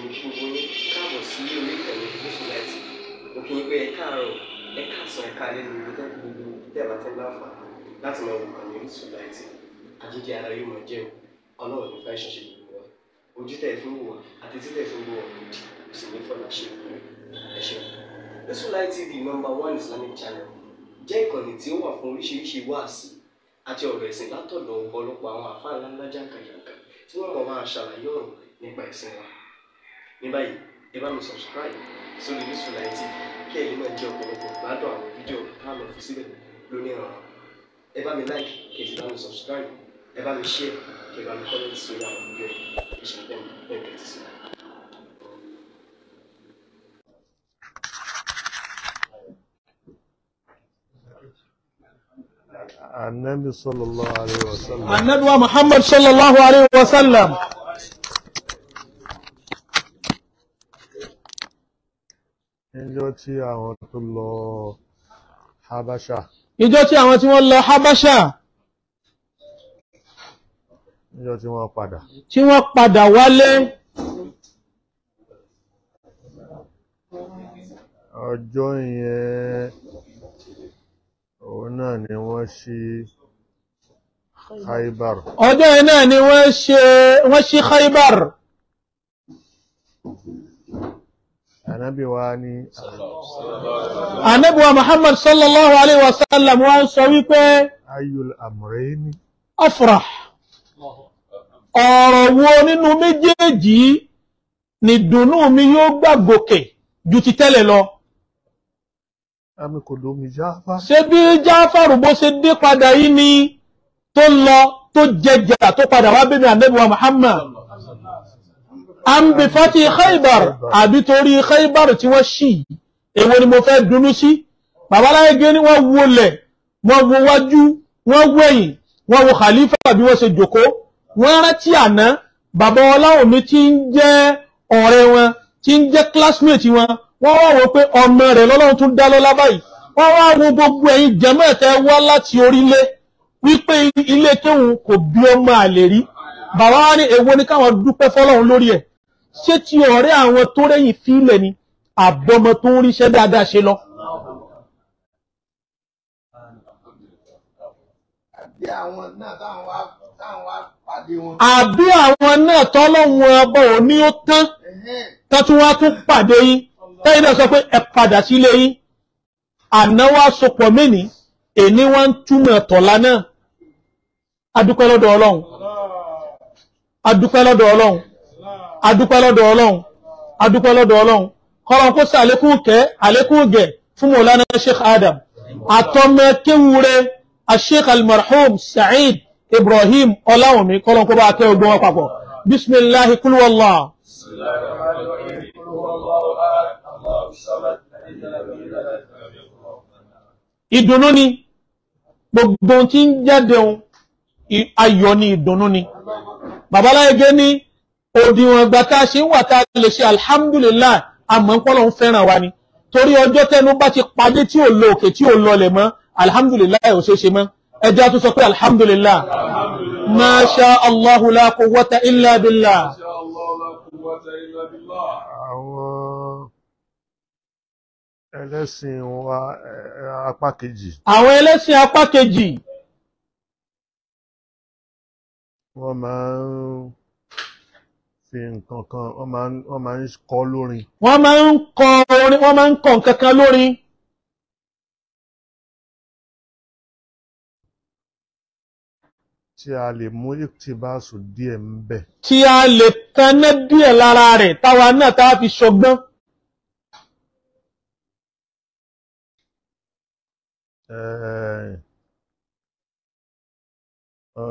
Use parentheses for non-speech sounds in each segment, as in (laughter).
ètò gbogbo ní káàbọ̀ sí ilé orí ìtẹ̀wé gúúsù láti òkè ìgbé ẹ̀ka àrùn ẹ̀ka sàn ẹ̀ka lẹ́nu ìlú tẹ́kù gbogbo ìtẹ̀bà tẹ́ láǹfà láti máa wò kàn ní gúúsù láti àjíjẹ ara yóò máa jẹun ọlọ́run nípa ìṣẹ̀ṣẹ̀ gbogbo wa ojú tẹ̀ fún wò àti títẹ̀ fún wò ọ̀rọ̀ òdì kò sì ní fọlá ṣe ẹ ṣeun. gúúsù láti TV number one Islamic channel jẹ́ ìkànnì tí ó wà fún oríṣiríṣi wáàsí àti ọ̀rọ̀ ẹ̀sìn látọ̀dọ̀ ọ̀pọ̀lọpọ̀ àwọn àfáà ńláńlá jákàjàkà tí wọ́n mọ̀ máa ṣàlàyé ọ̀rọ̀ nípa ẹ̀sìn wa. ní báyìí ẹ subscribe sórí Yusuf Online TV kí ẹ̀yin máa jẹ ọ̀pọ̀lọpọ̀ gbádùn àwọn fídíò tá a fi síbẹ̀ lónìí ọ̀rọ̀ ẹ mi like kí ẹ sì subscribe ẹ mi share kí ẹ bá mi comment sórí àwọn fídíò yìí ṣe pẹ́ mi bẹ́ẹ̀ kẹ́ ti sí. النبي صلى الله عليه وسلم النبي محمد صلى الله عليه وسلم níjọ́ tí àwọn tó lọ habasha. níjọ́ tí àwọn tí wọ́n lọ habasha. níjọ́ tí wọ́n padà. tí wọ́n padà wálé. ọjọ́ yẹn òun náà ni wọ́n ṣe Khaybar. ọjọ́ yẹn náà ni wọ́n ṣe Khaybar. ànábì wa ní ànábì wa muhammad sallallahu alayhi wa sallam wa ń sọ wípé ayul amrayni afrah ọ̀rọ̀ wo nínú méjèèjì ni dùnnú mi yóò gbà gòkè ju ti tẹ́lẹ̀ lọ ṣé bí jáfàrù bó ṣe dé padà yìí ni tó lọ tó jẹjà tó padà wá bẹ́ẹ̀ ni ànábì wa muhammad àmbìfàtì khaybar àbí torí khaybar tí wọ́n ṣì èwo ni mo fẹ́ dunú sí babaláyé gé ni wọ́n wọlẹ̀ wọ́n wo wájú wọ́n wẹ̀yìn wọ́n wo khalifa bí wọ́n ṣe jòkó wọ́n rántí àná bàbá ọláwọ̀mí tí ń jẹ́ ọ̀rẹ́ wọn tí ń jẹ́ classmate wọn wọ́n wá wò pé ọmọ rẹ̀ lọ́lọ́run tún dá lọ́lá báyìí wọ́n wá wo gbogbo ẹ̀yin jẹ́mọ́ wá láti orílẹ̀ wípé ilé tóun kò bí ọmọ àlè rí bàbá wa ní èwo ni káwọn dúpẹ́ fọlọ́run lórí ẹ̀ ṣé ti ọ̀rẹ́ àwọn tó rẹ́yìn fílẹ̀ ni àbọ̀mọ tó ń ríṣẹ́ dáadáa ṣe lọ. àbí àwọn náà tọ́lọ́wọ́n ọba ò ní ó tán tán tí wọ́n á tún pàdé yín tẹ́yìn náà sọ pé ẹ padà sílé yín àná wá mẹ́ni èní wá ń túmọ̀ tọ̀la náà adúpẹ́ lọ́dọ̀ ọlọ́run adúpẹ́ lọ́dọ̀ ọlọ́run adúpẹ́ lọ́dọ̀ ọlọ́run adúpẹ́ lọ́dọ̀ ọlọ́run kọ́lọ́n kó sí àlékún kẹ́ àlékún gẹ̀ fún mọ̀lánà sheikh adam àtọ́mọ kéwúre sheikh almarhum sa'id ibrahim ọláwọ̀mí kọ́lọ́n kó bá a kẹ́ ogun wọn papọ̀ bisimilahi kulwala. ìdùnnú ni gbogbo tí ń jáde ayọ̀ ni ìdùnnú ni babaláyege ni òdiwọ̀n ìgbà tá a ṣe ń wà tá a lè ṣe alhamdulillah àmọ́ pọ́lọ́ ń fẹ́ràn wa ni torí ọjọ́ tẹnu bá ti pàdé tí ò lọ òkè tí ò lọlẹ̀ mọ́ alhamdulillah ò ṣeé ṣe mọ́ ẹjọ́ tó sọ pé alhamdulillah masha allahu la quwwata illa billah. àwọn ẹlẹ́sìn wa eh, apá kejì. àwọn ẹlẹ́sìn apá kejì. wọ́n máa ń fi nǹkan kan wọ́n máa ń kọ lórin. wọ́n máa ń kọ orin wọ́n máa ń kọ nǹkan kan lórin. tí a lè mú ìtìbáṣù díẹ̀ ń bẹ̀. tí a lè tanná díẹ̀ lára rẹ̀ táwa náà tá fi ṣọgbọ́n. ọ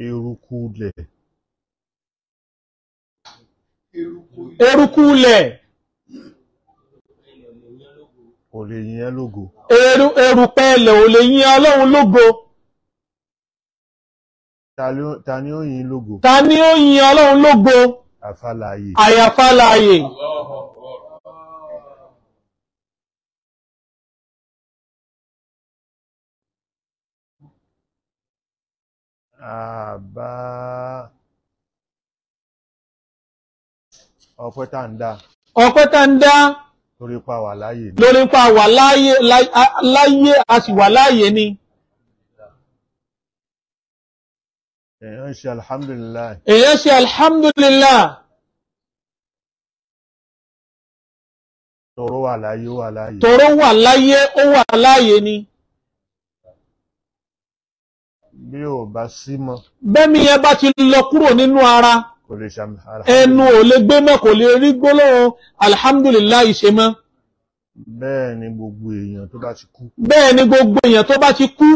eruku ilẹ̀. eruku ilẹ̀. kò lè yìn ẹ́ lógo. eru erùpẹ̀ ilẹ̀ ò lè yìn ọlọ́run lógo. ta ni ó yìn lógo. ta ni ó yìn ọlọ́run lógo. àfàlàyé. àyàfàlàyé. Allah. aba ọpẹta ń dá. ń wà láyé ni. lórí wà wà ni. èèyàn ṣe alhamdulilayi. èèyàn ṣe alhamdulilayi. tòró wà láyé ó wà láyé tòró wà ni. bí o bá sí mọ́. bẹ́mi yẹn bá ti lọ kúrò nínú ara ẹnu ò lè gbé mọ́ kò lè rí gbólóhùn alhamdulillah ṣe mọ́. bẹ́ẹ̀ ni gbogbo èèyàn tó bá ti kú. bẹ́ẹ̀ ni gbogbo èèyàn tó bá ti kú.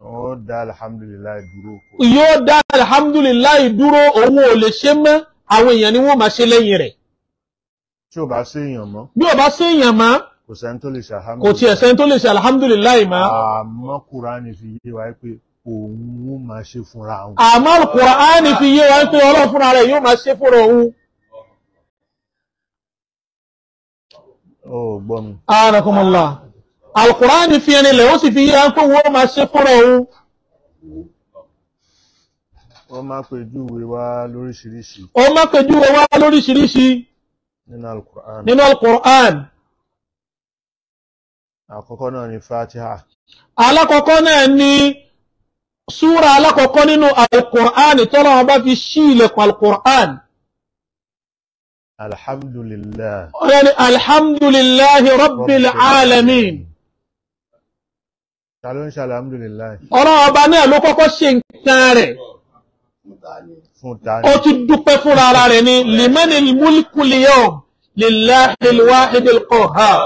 yóò dá alhamdulillah dúró. yóò dá alhamdulillah dúró òun ò lè ṣe mọ́ àwọn èèyàn ni wọ́n máa ṣe lẹ́yìn rẹ̀. tí ò bá sí èèyàn mọ́. bí ò bá sí èèyàn mọ́ kò sẹ́ni tó lè ṣe alhamdulilayi mọ́. àmọ́ kúránì fi yé wa pé òun máa ṣe fúnra òun. àmọ́ Kùránì fi yé wa ń pé ọlọ́run fúnra rẹ̀ yóò máa ṣe fúnra òun. ó gbọ́ mi. ààrẹ̀kùnmọ̀lá fi ẹni lẹ̀ ó sì fi yé wa ń pé wọ́n máa ṣe fúnra òun. ó máa pèjúwe wá lóríṣiríṣi. ó máa pèjúwe wá lóríṣiríṣi. al nínú àkọ́kọ́ náà ni Fatiha. ni. súra alákọ̀ọ́kọ́ nínú alkùrán tọ́lọ́ wọn bá fi ṣí ilẹ̀kùn alkùrán alhamdulillah ọ̀rẹ́ ni alhamdulillahi rabbil alamin ọ̀rọ̀ ọba náà ló kọ́kọ́ ṣe nǹkan rẹ̀ ó ti dúpẹ́ fún ara rẹ̀ ni limanil mulku liyawm lillahil wahidil qahhar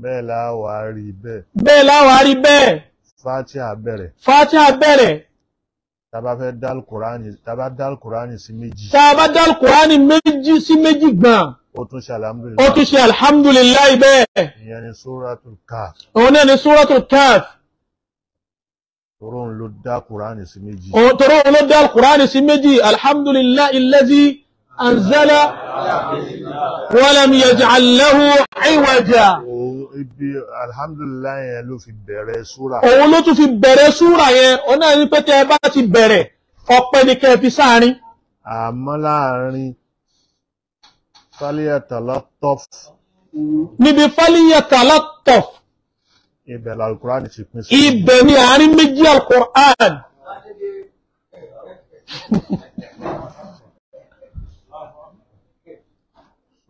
bẹ́ẹ̀ láwàá rí bẹ́ẹ̀ Fatiha bẹ̀rẹ̀. Fatiha bẹ̀rẹ̀. Tàbá fẹ́ dal Kùránì tàbá dal Kùránì sí méjì. Tàbá dal Kùránì méjì sí méjì gbọ̀n. Ó tún ṣe alhamdulilayi. Ó tún ṣe alhamdulilayi bẹ́ẹ̀. Ìyẹn ni Súratul Kaf. Òun náà ni Súratul Kaf. Toro lo dal Kùránì sí méjì. Toro ń lo dal Kùránì sí méjì. Alhamdulilayi allazi anzala walam yaj'al lahu 'iwaja ibi alhamdulillah yẹn ló fi bẹ̀rẹ̀ súrà. òun ló tún fi bẹ̀rẹ̀ súrà yẹn òun náà ní pé tẹ ẹ bá ti bẹ̀rẹ̀ ọpẹ́ ni kẹ fi sáárín. àmọ́ láàrin fálíyà tàlátọ́f. níbi fálíyà tàlátọ́f. ibẹ̀ la alukur'an ti pín sí. ibẹ̀ ni àárín méjì alukur'an.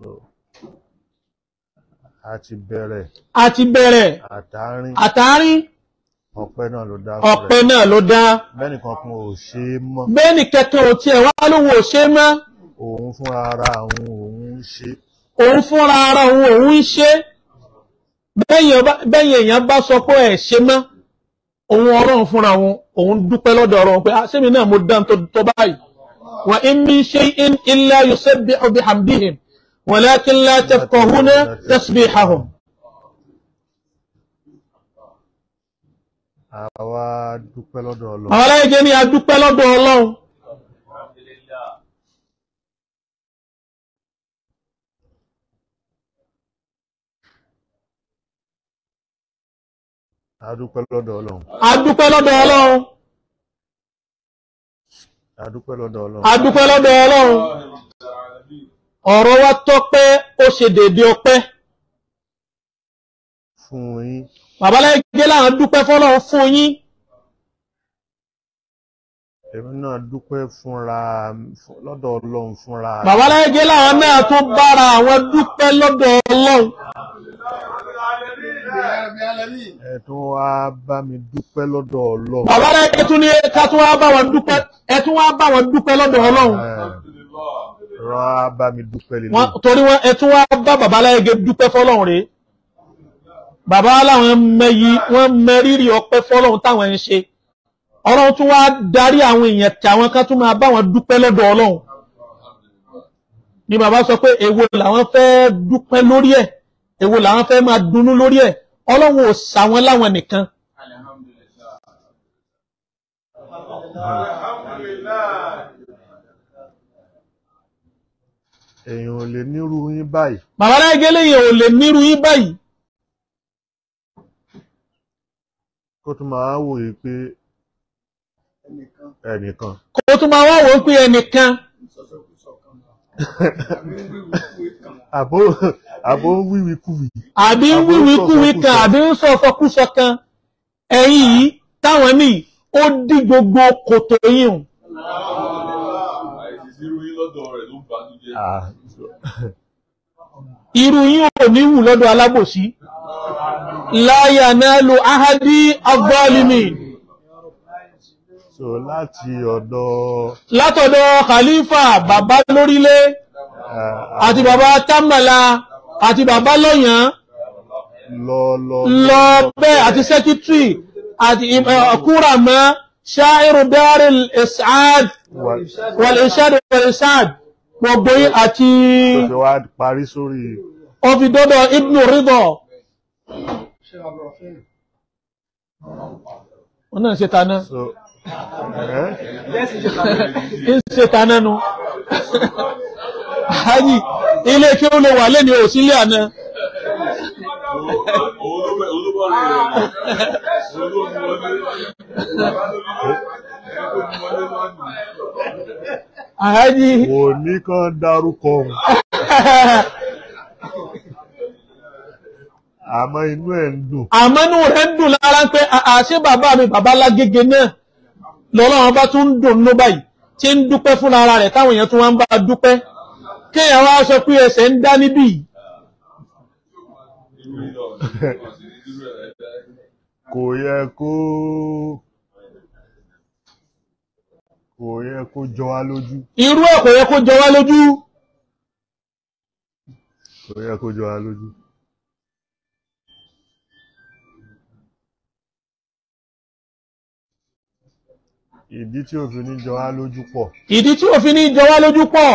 so a ti bẹ̀rẹ̀. a ti bẹ̀rẹ̀. àtàárín. àtàárín. ọpẹ́ náà ló dá. ọpẹ́ náà ló dá. bẹ́ẹ̀ni kankan ò ṣe é mọ́. bẹ́ẹ̀ni kankan ò tiẹ̀ wá lóhùn ò ṣe é mọ́. òun fúnra ara òun òun ń ṣe. òun fúnra ara òun òun ń ṣe. bẹ́ẹ̀yìn èèyàn bá sọ pé ẹ̀ ṣe mọ́. òun ọlọ́run fúnra òun òun dúpẹ́ lọ́dọ̀ ọ̀rọ̀ pé sẹ́mi ah, náà mo dán tó báyìí. wa in min shay'in illa yusabbihu bihamdihim. ولكن لا تفقهون تسبيحهم àwa dúpẹ́ lọ́dọ̀ ọlọ́run àwọn aláìjẹ́ ni a dúpẹ́ lọ́dọ̀ ọlọ́run a dúpẹ́ lọ́dọ̀ ọlọ́run a lọ́dọ̀ ọlọ́run a lọ́dọ̀ ọlọ́run ọ̀rọ̀ wa tọ́pẹ́ ó ṣe dédé ọpẹ́ fún yín babaláyé láwọn dúpẹ́ fọ́lọ́run fún yín èmi náà dúpẹ́ fúnra lọ́dọ̀ ọlọ́run fúnra babaláyé láwọn náà tó bára àwọn dúpẹ́ lọ́dọ̀ ọlọ́run ẹ tún wá bá mi dúpẹ́ lọ́dọ̀ ọlọ́run babaláyé tún ní ká tún wá bá wọn dúpẹ́ lọ́dọ̀ ọlọ́run rán á bá mi dúpẹ́ lè lórí. torí wọn ẹ tún wá bá bàbá aláyege dúpẹ́ fọlọ́run rèé bàbá aláwọn mẹyì wọn mẹrírì ọpẹ́ fọlọ́run táwọn ń ṣe ọlọ́run tún wá darí àwọn èèyàn tí àwọn kan tún máa bá wọn dúpẹ́ lọ́dọ̀ ọlọ́run ni bàbá sọ pé èwo làwọn fẹ́ dúpẹ́ lórí ẹ̀ èwo làwọn fẹ́ máa dunnú lórí ẹ̀ ọlọ́run ò sà wọn láwọn nìkan. alhamdulillah. èèyàn ò lè nírú yín báyìí. bàbá aláìgé lèyìn ò lè nírú yín báyìí. kó tún máa wòye pé ẹnìkan. kó tún máa wá wòye pé ẹnìkan. àbó àbó ń wíwí kúwì. àbí ń wíwí kúwì kan àbí ń sọ ọkọkúsọ kan ẹ̀yìn yìí táwọn míì ó dí gbogbo kòtò yìí hù. Ah. irú yín ò ní wù lọ́dọ̀ alábòsí láyà náà lo ahadi agbọ́ọ̀lìmì so láti ọ̀dọ̀ látọ̀dọ̀ khalifa bàbá lórílẹ̀ ah, àti ah. bàbá tamala àti bàbá lọ́yàn lọ bẹ́ àti secretary àti eh, eh, kúràmọ́ ṣáírù dárìl ìsáàd wàlìṣáàd wàlìṣáàd gbogbo yín àti ọfi dọ́dọ̀ ibnu ridọ wọn náà ṣe taná ń ṣe taná nu hajj ilé kí o lè wà lẹ́ni òsínlẹ̀ àná àhájí. òní kan darúkọ òun. àmọ́ inú ẹ̀ ń dùn. àmọ́ inú rẹ̀ ń dùn lára pé àṣé bàbá mi bàbá lágége náà lọ́lọ́run bá tún ń dùn nú báyìí tí ń dúpẹ́ fúnra ara rẹ̀ táwọn èèyàn tún wá ń bá dúpẹ́ kéèyàn wá sọ pé ẹsẹ̀ ń dá níbí kò yẹ kó kò yẹ kó jọ wá lójú. irú ẹ̀ kò yẹ kó jọ wá lójú. kò yẹ kó jọ wá lójú. ìdí tí òfin ní jọ wá lójú pọ̀. ìdí tí òfin ní jọ wá lójú pọ̀.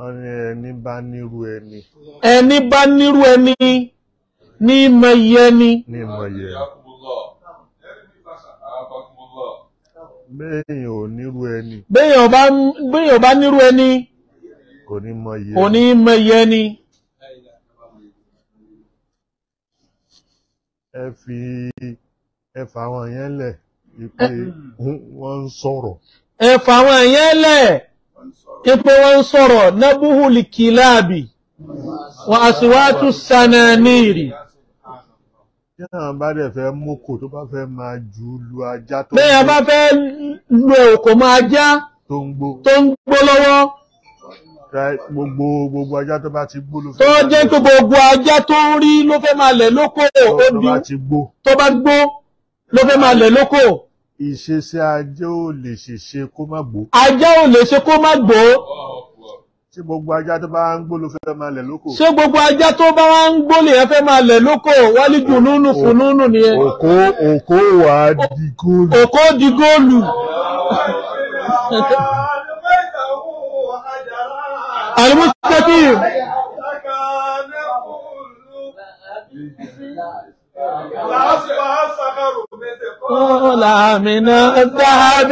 ẹni bá nírú ẹni. ẹni bá nírú ẹni ní mọyì ẹni. ní mọyì ẹni. béèyàn ò nírú ẹni. béèyàn bá nírú ẹni. kò ní mọyì ẹni. kò ní mọyì ẹni. ẹ fi ẹ fà àwọn yẹn lẹ̀ wípé wọ́n ń sọ̀rọ̀. ẹ fà àwọn yẹn lẹ̀ ipe wọ́n ń sọ̀rọ̀ nábúhùlì kìláàbì wọ́n àṣíwájú sananírì yáà bá dẹ̀ fẹ́ mọ́kò tó bá fẹ́ máa ju lu ajá tó ń gbó bẹ́ẹ̀ bá fẹ́ lu òkò máa já tó ń gbó lọ́wọ́ gbogbo gbogbo ajá tó bá ti gbó ló fẹ́ tó jẹ́ pé gbogbo ajá tó ń rí ló fẹ́ máa lẹ̀ lóko tó bá gbó ló fẹ́ máa lẹ̀ lóko ìṣesí ajá ò lè ṣèṣe kó má gbó. ajá ò lè ṣe kó má gbó. ṣé gbogbo ajá tó bá ń gbó ló fẹ́ máa lẹ̀ lóko. ṣé gbogbo ajá tó bá ń gbó lè fẹ́ máa lẹ̀ lóko wálé jùlúnù fúnúnù nìyẹn. òkó òkó wà á di góòlù. òkó di góòlù. àlùmọ́sí kẹ́kì. قول من الذهب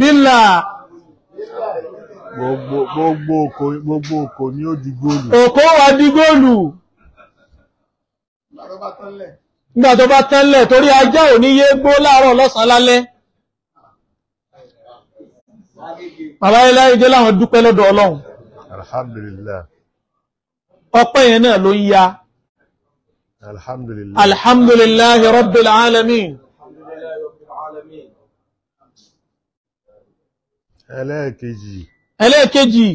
bílà gbogbo òkò gbogbo òkò ni ó di góòlù òkò wa di góòlù nígbà tó bá tẹ́lẹ̀ torí ajá ò yé gbó láàárọ̀ lọ́sàn lálẹ́ bàbá iláyédé láwọn dúpẹ́ lọ́dọ̀ ọlọ́run alhamdulillah ọpẹ́ yẹn náà ló ń ya alhamdulillah alhamdulillah rabbil alamin ẹlẹ́ẹ̀kejì ẹlẹ́ẹ̀kejì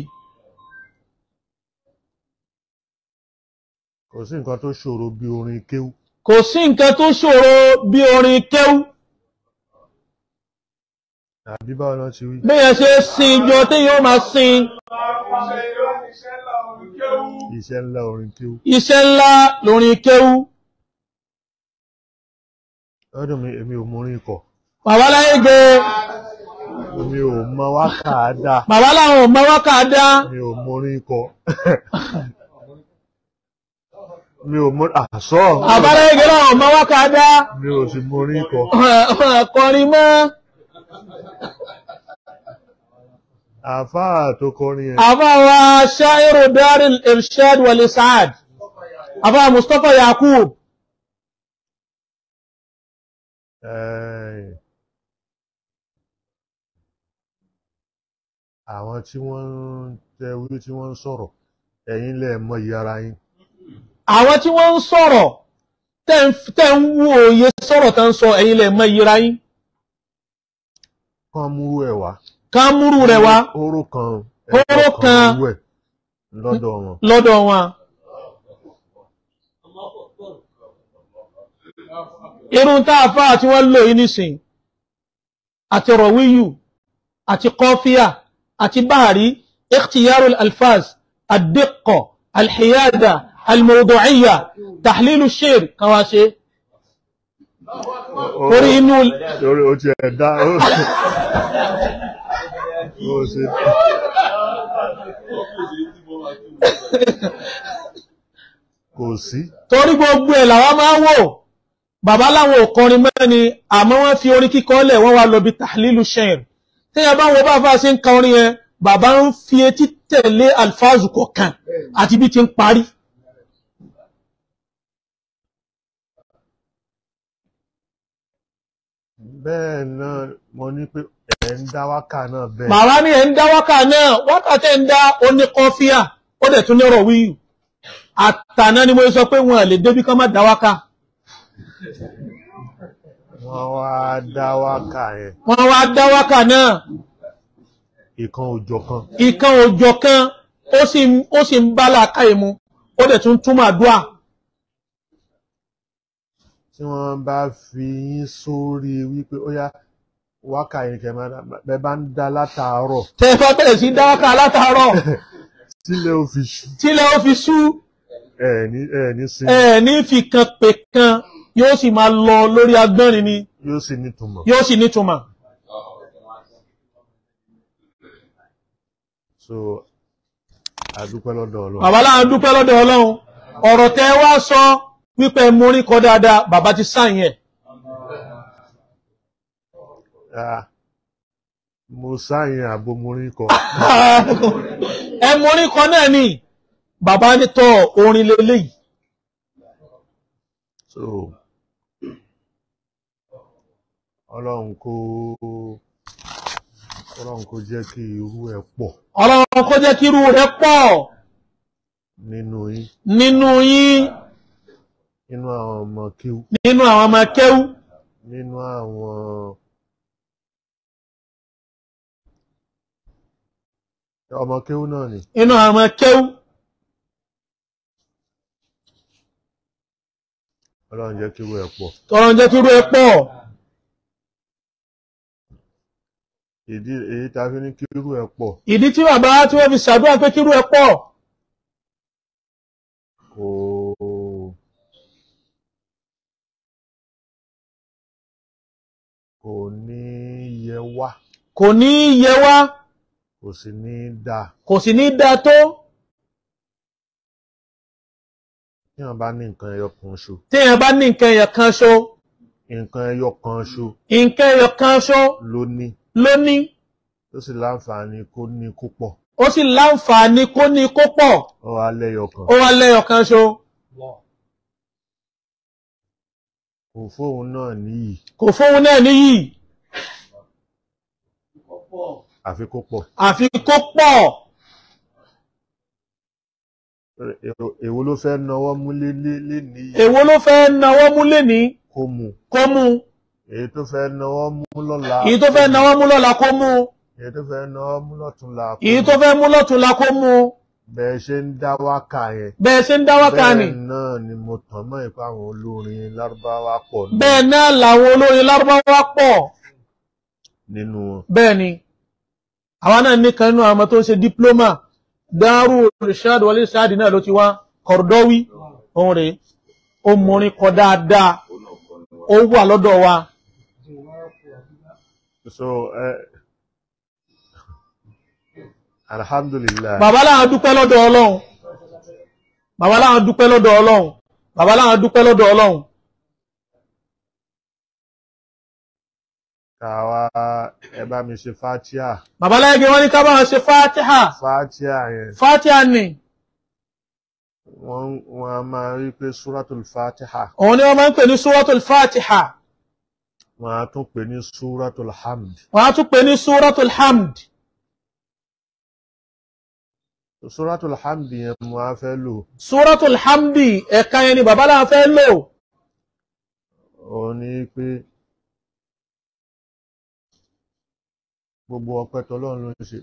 kò sí nǹkan tó ṣòro bí orin kéwú kò sí nǹkan tó ṣòro bí orin kéwú àbí báwo náà ti wí. bẹ́ẹ̀ ṣe sin ìjọ téèyàn máa sin. iṣẹ́ ńlá orin kéwú. iṣẹ́ ńlá lórin kéwú. lọ́dún mi èmi ò mọ orin kọ. bàbá láyé gbé. mi ò mọ wákà á dá. bàbá làwọn ò mọ wákà á dá. mi ò mọ orin kọ mi ò mọ àṣọ. àbára igi náà ọmọ wákàdá. mi ò sì mọ orin kọ. (laughs) kọrin mọ́ àfáà tó kọrin ẹ̀. àfáà wa ṣáírù daril irshad wal isad àfáà mustapha yakub. àwọn tí wọ́n ń tẹ wíwú tí wọ́n ń sọ̀rọ̀ ẹ̀yin lẹ mọ iye ara yín. àwọn tí wọ́n ń wo òye sọ̀rọ̀ tẹ́ ń sọ ẹ̀yin lẹ mọ iye kán múrú ẹ̀ wá. kán múrú rẹ̀ wá. oró kan oró kan lọ́dọ̀ wọn. lọ́dọ̀ wọn. irun tá a fà tí wọ́n lò yìí nísìn àti rọ̀wíyù àti kọ́fíà àti báàrí ikhtiyarul alfaz ad alhiyada almawdu'iyya tahlilu shir kan wá ṣe torí inú. torí o ti ẹ̀ o ṣe. kò sí. torí gbogbo ẹ̀ làwa máa ń wò bàbá láwọn òkọrin mẹ́ni àmọ́ wọ́n fi orin kíkọ lẹ̀ wọ́n wá lọ bí tahlilu shem téèyàn bá wo bá fa ṣe ń ka orin yẹn bàbá ń fi etí tẹ̀lé alfazu kọ̀ọ̀kan àti bí ti ń parí. bẹ́ẹ̀ náà mo ní pé ẹ̀ ń dá wákà náà bẹ́ẹ̀. màá wá ní ẹ̀ ń dá wákà náà wákà tẹ́ ń dá ó kọ́fíà ó dẹ̀ tún ní ọ̀rọ̀ wíyù àtàná ni mo sọ pé wọn lè débi kán má dá wákà. wọ́n wá dá wákà yẹn. wọ́n wá dá wákà náà. ìkan òjò kan. ìkan òjò kan ó sì ń bá làákàyè mu ó dẹ̀ tún túmọ̀ àdúrà. tí wọ́n bá fi yín sórí wípé ó yá wákà yìí kẹ máa bẹ bá ń da látàárọ̀. tẹ fẹ́ bẹ̀rẹ̀ sí dá wákà látàárọ̀. (laughs) tílẹ̀ ó fi ṣú. tílẹ̀ ó fi ṣú. ẹ ní ẹ ní sinmi. ẹ ní fi kan pè kan yóò sì máa lọ lórí agbẹ́rin ni. yóò sì nítumọ̀. yóò sì nítumọ̀. so a dúpẹ́ lọ́dọ̀ ọlọ́run. bàbá láwọn dúpẹ́ lọ́dọ̀ ọlọ́run ọ̀rọ̀ tẹ wá sọ. So, wípé mo dada kọ ti sáyìn ẹ̀. mo sáyìn mo kọ. (laughs) ẹ kọ náà ni bàbá ní tọ orin so ọlọ́run kó ọlọ́run kó jẹ́ kí irú ẹ̀ pọ̀. ọlọ́run kó jẹ́ irú pọ̀. nínú yín. nínú yín. nínú àwọn ọmọ kéwú. nínú àwọn ọmọ kéwú. nínú àwọn ọmọ kéwú náà ni. nínú àwọn ọmọ kéwú. ọlọ́run jẹ́ kíru ẹ̀ pọ̀. ọlọ́run jẹ́ kíru ẹ̀ pọ̀. ìdí èyí fi ní kò ní yẹ wá. kò ní yẹ wá. kò sì ní dáa. kò sì ní dáa tó. téèyàn bá ní nǹkan ẹyọ kan ṣo. téèyàn bá ní nǹkan ẹyọ kan ṣo. nǹkan ẹyọ kan ṣo. nǹkan ẹyọ kan ṣo. ló ní. ó sì láǹfààní kó ní kó pọ̀. ó sì láǹfààní kó ní kó pọ̀. ó wà lẹ́yọ ó wà lẹ́yọ ṣo. Wow kò fóun náà níyì. kò fóun náà níyì. àfi kó pọ̀. àfi kó pọ̀. èwo ló fẹ́ nawọ́ mú lé èwo ló fẹ́ nawọ́ mú ní. kó mu. kó mu. èyí tó fẹ́ nawọ́ mú lọ́la. èyí tó fẹ́ nawọ́ mú lọ́la kó mu. èyí tó fẹ́ nawọ́ mú lọ́tùnla. èyí tó fẹ́ mú lọ́tùnla kó mu bẹ́ẹ̀ ṣe ń dá wákà yẹn. bẹ́ẹ̀ ṣe ń dá wákà ni. bẹ́ẹ̀ náà ni mo tàn mọ́ ìpá àwọn olórin lárúbáwá pọ̀. bẹ́ẹ̀ náà làwọn olórin lárúbáwá pọ̀. nínú wọn. bẹ́ẹ̀ ni àwa náà ní kan nínú àwọn ọmọ tó ń ṣe dípúlọ́mà dárú olùṣáàdì wọlé ṣáàdì náà ló ti wá kọ̀rọ̀dọ́wí òun rèé ó mọrin kọ dáadáa ó wà lọ́dọ̀ wa. so Uh, alhamdulillah bàbá láwọn dúpẹ́ lọ́dọ̀ ọlọ́run bàbá láwọn dúpẹ́ lọ́dọ̀ ọlọ́run bàbá láwọn dúpẹ́ lọ́dọ̀ ọlọ́run. kàwa ẹ bá mi ṣe fatia. bàbá láyé gbé wọn ní ká bá wọn ṣe fatia. fatia yẹn. fatia ni. wọ́n wọ́n máa rí pé suratul fatiha. òun ni wọ́n máa ń pè ní suratul fatiha. wọ́n á tún pè ní suratul hamd. wọ́n á tún pè ní suratul hamd. Suratul Hamdi yẹn mo á fẹ́ lò. Suratul Hamdi ẹ̀ka yẹn ni bàbá náà fẹ́ lò. Ó ní pé gbogbo ọpẹ́ tọlọ́run ló ń ṣe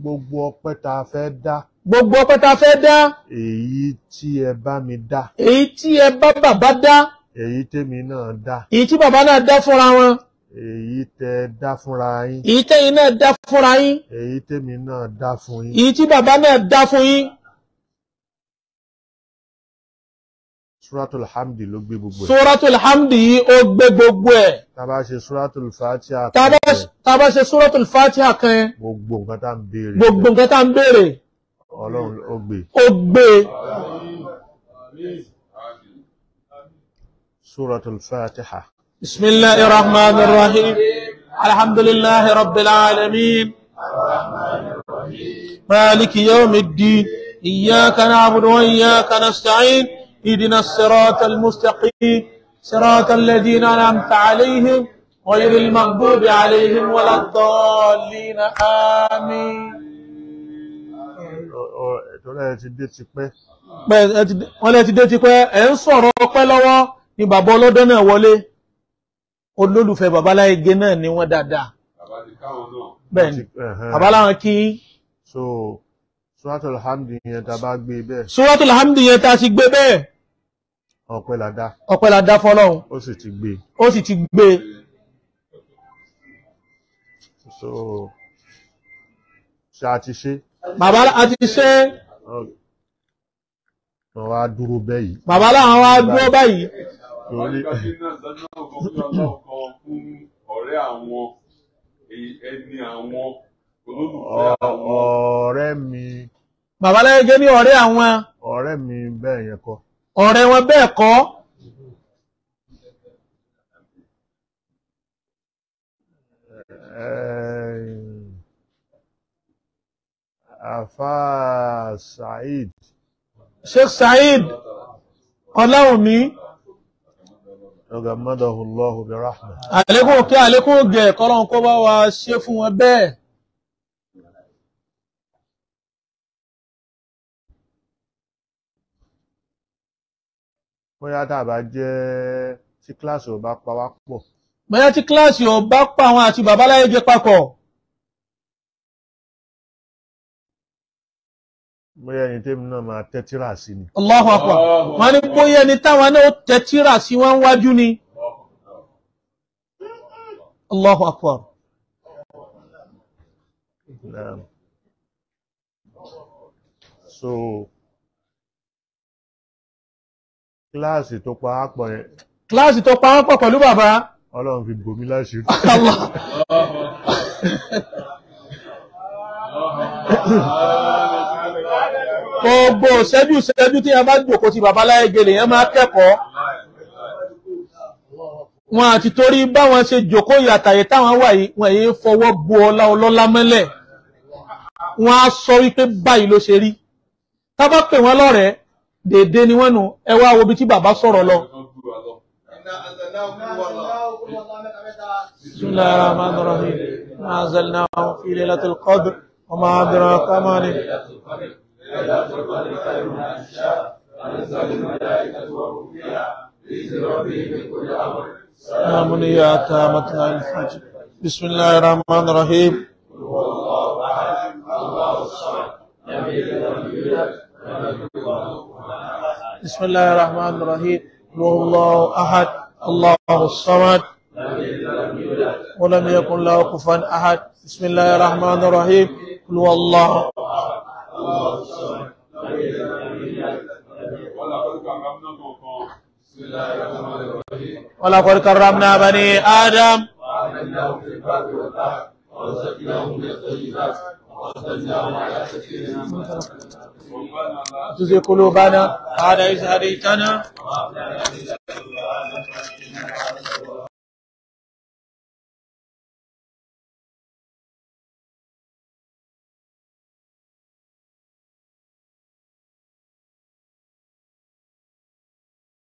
gbogbo ọpẹ́ tá a fẹ́ dá. Gbogbo ọpẹ́ tá fẹ́ dá. Èyí tí ẹ bá mi dá. Èyí tí ẹ bá bàbá dá. Èyí tèmi náà dá. Èyí tí bàbá náà dá fúnra wọn èyí tẹ́ dá fúnra yín. èyí tẹ́yin náà dá fúnra yín. èyí tèmi náà dá fún yín. èyí tí bàbá náà dá fún yín. Suratul Hamdi ló gbé gbogbo ẹ̀. Suratul Hamdi yìí ó gbé gbogbo ẹ̀. Tàbá ṣe Suratul Fatiha kan. Tàbá ṣe Suratul Fatiha kan. Gbogbo nǹkan tá ń béèrè. Gbogbo nǹkan tá ń béèrè. Ọlọ́run ó gbé. Ó gbé. Suratul Fatiha. بسم الله الرحمن الرحيم الحمد لله رب العالمين مالك يوم الدين إياك نعبد وإياك نستعين إدنا الصراط المستقيم صراط الذين أنعمت عليهم غير المغضوب عليهم ولا الضالين آمين wọ́n lẹ́ ti dé ti pẹ́ ẹ̀ ń sọ̀rọ̀ ọpẹ́ lọ́wọ́ ni bàbá ọlọ́dẹ náà wọlé olólùfẹ́ babaláyege náà ni wọ́n dáadáa bẹ́ẹ̀ni babaláwọn kí. so suratul hamdi yẹn tá a bá gbé bẹ́ẹ̀. suratul hamdi yẹn tá a ti gbé bẹ́ẹ̀. ọpẹ́ la dá. ọpẹ́ la dá fọ́lọ́run. ó sì ti gbé. ó sì ti gbé. so ṣe a ti ṣe. bàbá a ti ṣe. wọ́n wá dúró bẹ́ẹ̀ bàbá làwọn wá dúró báyìí àbájáde náà dáná ọkọ fún aláwọ kan fún ọ̀rẹ́ àwọn ẹni àwọn olólùfẹ́ àwọn. ọ̀rẹ́ mi. bàbá ní ọ̀rẹ́ àwọn. ọ̀rẹ́ mi bẹ́ẹ̀ yẹn kọ́. ọ̀rẹ́ wọn bẹ́ẹ̀ kọ́. Afa eh, Said. Sheikh Said, Ọláwùmí ọ̀gàmọ́dọ̀hù lọ́hù bí ráhùn. àlékún kí àlékún gẹ̀ kọ́lọ́n kó bá wa ṣe fún wọn bẹ́ẹ̀. bóyá tàbá jẹ́ tí kíláàsì ò bá pa wá pọ̀. bóyá tí kíláàsì ò bá pa àwọn àti bàbá láyé jẹ papọ̀. bóyá ẹni tẹ́mi náà máa tẹ́tírà sí ni. Allahu Akbar wọ́n ní bóyá ẹni táwọn náà tẹ́tírà sí wọ́n wájú ni. Allahu Akbar. Naam. So kíláàsì tó pa á pọ̀ yẹn. kíláàsì tó pa á pọ̀ pẹ̀lú bàbá. Ọlọ́run fi bòmí láṣìírí. Allah gbogbo ṣẹ́jú ṣẹ́jú tí a bá jòkó ti babaláyé gèlè yẹn máa kẹ́kọ̀ọ́ wọn àti torí báwọn ṣe jòkó ìyàtàyè táwọn wà yìí wọn èyí fọwọ́ bu ọlá ọlọ́lá mọ́lẹ̀ wọn á sọ wípé báyìí ló ṣe rí tá pè wọ́n lọ́rẹ̀ẹ́ dèdè ni wọ́n nu ẹ wá tí bàbá sọ̀rọ̀ lọ. wa ma adraka ma laylatul ليلة القدر خير من ألف شهر تنزل الملائكة والروح فيها بإذن ربهم من كل أمر سلام هي تامة الفجر بسم الله الرحمن الرحيم قل هو الله أحد الله الصمد لم يلد ولم يولد ولم يكن له بسم الله الرحمن الرحيم قل هو الله أحد الله الصمد لم يلد ولم يولد ولم يكن له كفوا أحد بسم الله الرحمن الرحيم قل هو الله ولقد كرمنا بني آدم وآمناهم في البر والبحر ورزقناهم من الطيبات وفضلناهم على كثير من تزي قلوبنا بعد إذ هديتنا